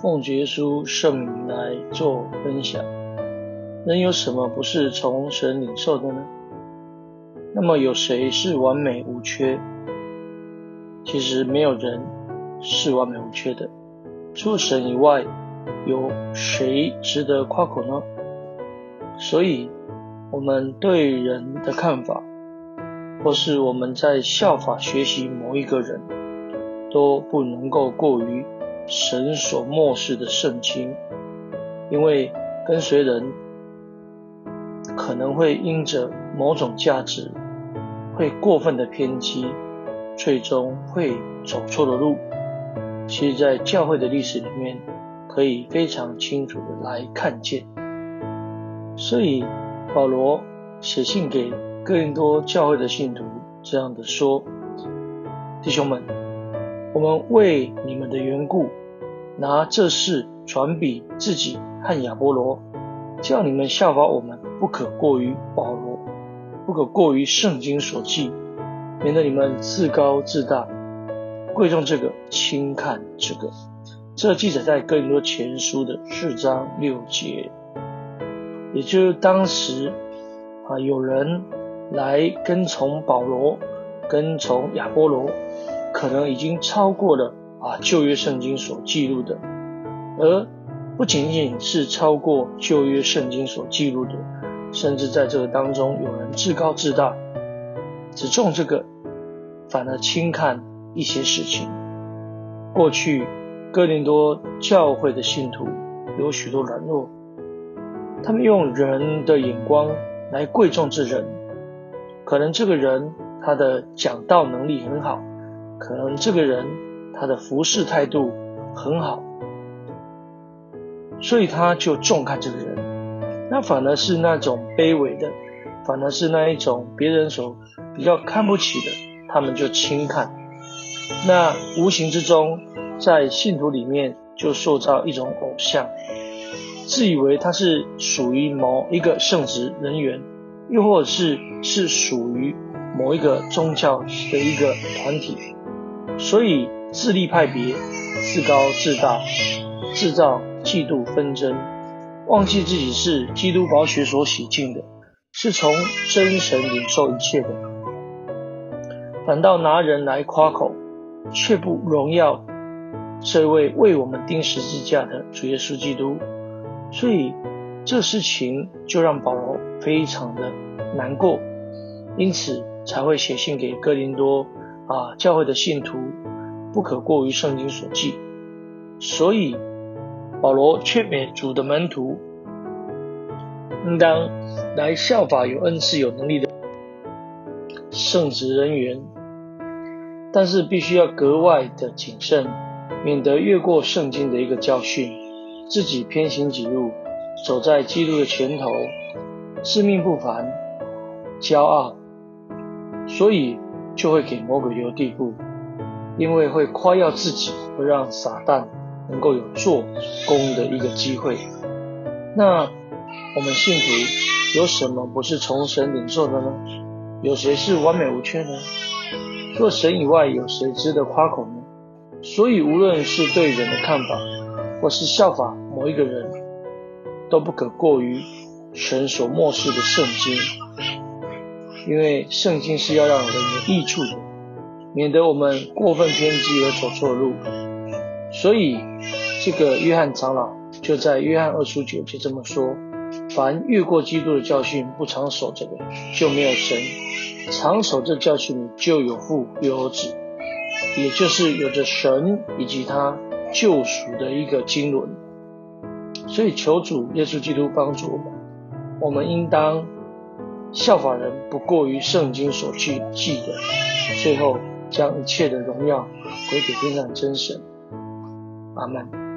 奉爵書聖語來做分享，人有什麼不是從神領受的呢？那麼有誰是完美無缺？其實沒有人是完美無缺的，除神以外，有誰值得誇口呢？所以，我們對人的看法，或是我們在效法學習某一個人，都不能夠過於。神所默示的聖經，因為跟隨人可能會因着某種價值會過分的偏激，最終會走錯了路。其實在教會的歷史裡面，可以非常清楚的來看見。所以保羅寫信給哥林多教會的信徒，這樣的說：“弟兄們，我們為你們的緣故。”拿這事轉比自己和亞波羅，叫你們效法我們，不可過於保羅，不可過於聖經所記，免得你們自高自大，貴重這個，輕看這個。這個記載在哥林多前書的四章六節，也就是當時啊，有人來跟從保羅，跟從亞波羅，可能已經超過了。啊，舊約聖經所記錄的，而不僅僅是超過舊約聖經所記錄的，甚至在這個當中有人自高自大，只重這個，反而輕看一些事情。過去哥林多教會的信徒有許多軟弱，他們用人的眼光來貴重之人，可能這個人他的講道能力很好，可能這個人。他的服侍態度很好，所以他就重看這個人。那反而是那種卑微的，反而是那一種別人所比較看不起的，他們就輕看。那無形之中，在信徒裡面就塑造一種偶像，自以為他是屬於某一個聖職人員，又或者是是屬於某一個宗教的一個團體，所以。自立派別，自高自大，製造嫉妒紛爭，忘記自己是基督寶血所洗淨的，是從真神領受一切的，反倒拿人來誇口，卻不榮耀這位為我們釘十字架的主耶穌基督。所以這事情就讓保羅非常的難過，因此才會寫信給哥林多啊教會的信徒。不可過於聖經所記，所以保羅勸勉主的門徒，應當來效法有恩賜、有能力的聖職人員，但是必須要格外的謹慎，免得越過聖經的一個教訓，自己偏行己路，走在基督的前頭，自命不凡，驕傲，所以就會給魔鬼留地步。因為會誇耀自己，會讓撒旦能夠有做工的一個機會。那我們信徒有什麼不是從神領受的呢？有誰是完美無缺呢？除了神以外，有誰值得誇口呢？所以，無論是對人的看法，或是效法某一個人，都不可過於全所默示的聖經，因為聖經是要讓人有益處的。免得我們過分偏激而走錯路，所以這個約翰長老就在約翰二書九節就這麼說：凡越過基督的教訓不常守這個，就沒有神；常守這教訓，就有父又有子，也就是有着神以及他救贖的一個經綸。所以求主耶穌基督幫助我們，我們應當效法人不過於聖經所去記的。最後。將一切的榮耀歸給天上的真神，阿門。